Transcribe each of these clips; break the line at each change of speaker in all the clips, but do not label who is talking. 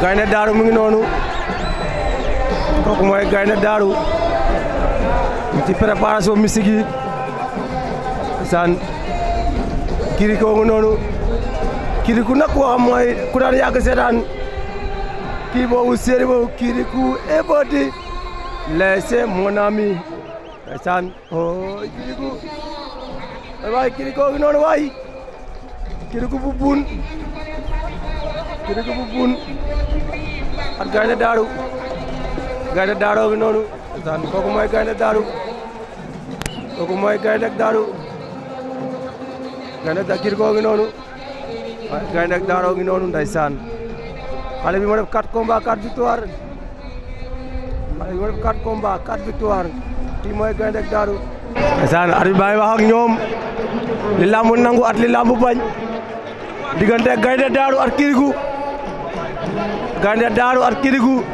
gaynde daaru mu ngi noonu kooku gaynde daaru ci préparation mystique yi saan kirikoo ngi noonu kiriku nag koo xam mooy ku daan seetaan kii boobu séeri kiriku eboti laissez mon ami saan kiriku waay kirikoo ngi noonu waay kiriku bu jërëjëf bu buun ak gaynde daaru gaynde daaroo bi noonu daan kooku mooy gaynde daaru kooku mooy gaynde daaru gaynde da gaynde daaroo gi noonu ndeysaan xale bi moo def 4 combats 4 victoire xale bi moo def 4 combats 4 victoire kii mooy gaynde daaru ndeysaan at bi baa ngi wax ñoom li nangu at li bañ diggante gaynde daaru at kirigu gaynde daaru ak Kédougou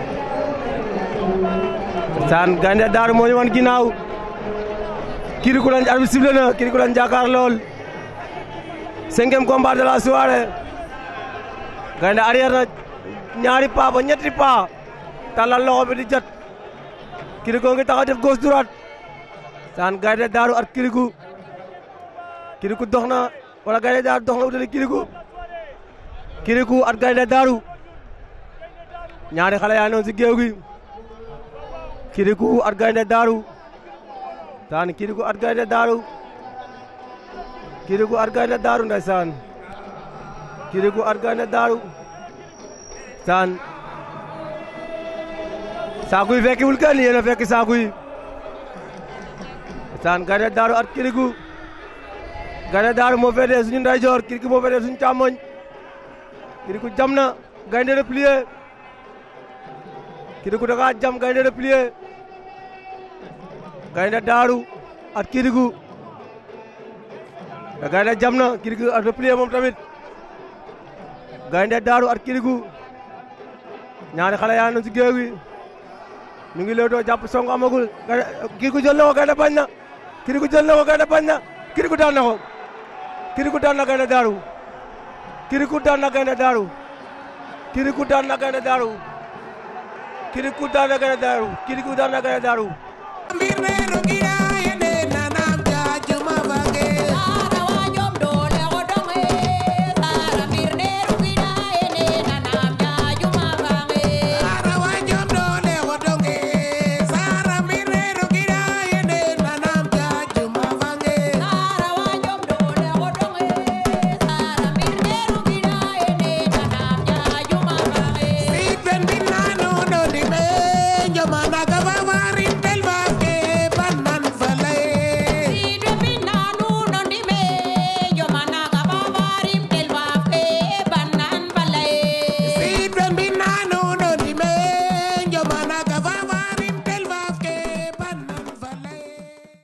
saan gaynde daaru moo wan ginnaaw Kédougou lañ arbitre sifflé na Kédougou lañ jàkkaar lool cinquième combat de la gaynde arrière ñaari pas ñetti pas tàllal loxo bi di jot Kédougou ngi taxaw def gauche droite saan gaynde daaru ak Kédougou Kédougou dox na gaynde daaru dox na utali Kédougou Kédougou ak gaynde daaru ñaari xale yaa noon si géew gi kiriku at gaynde daaru taan kiriku at gaynde daaru kiriku at gaynde daaru ndeysaan kiriku at gaynde daaru taan saakuy fekkiwul kenn yéen a fekki saakuy taan gaynde daaru at kiriku gaynde daaru moo féetee suñu ndeyjoor kiriku moo féetee suñu càmmoñ kiriku jam na gaynde replier Kirikou da kaa jam gaynde da plié gaynde daaru at Kirikou da jam na Kirikou at plié moom tamit gaynde daaru at Kirikou ñaari xale yaa nañ ci géew gi ñu ngi leetoo jàpp song amagul Kirikou jël na ko gaynde bañ na Kirikou jël na ko gaynde bañ na Kirikou daan na ko Kirikou daan na gaynde daaru Kirikou daan na gaynde daaru किरकुट दाव नगर दारू किरकुट दाव नगर दारू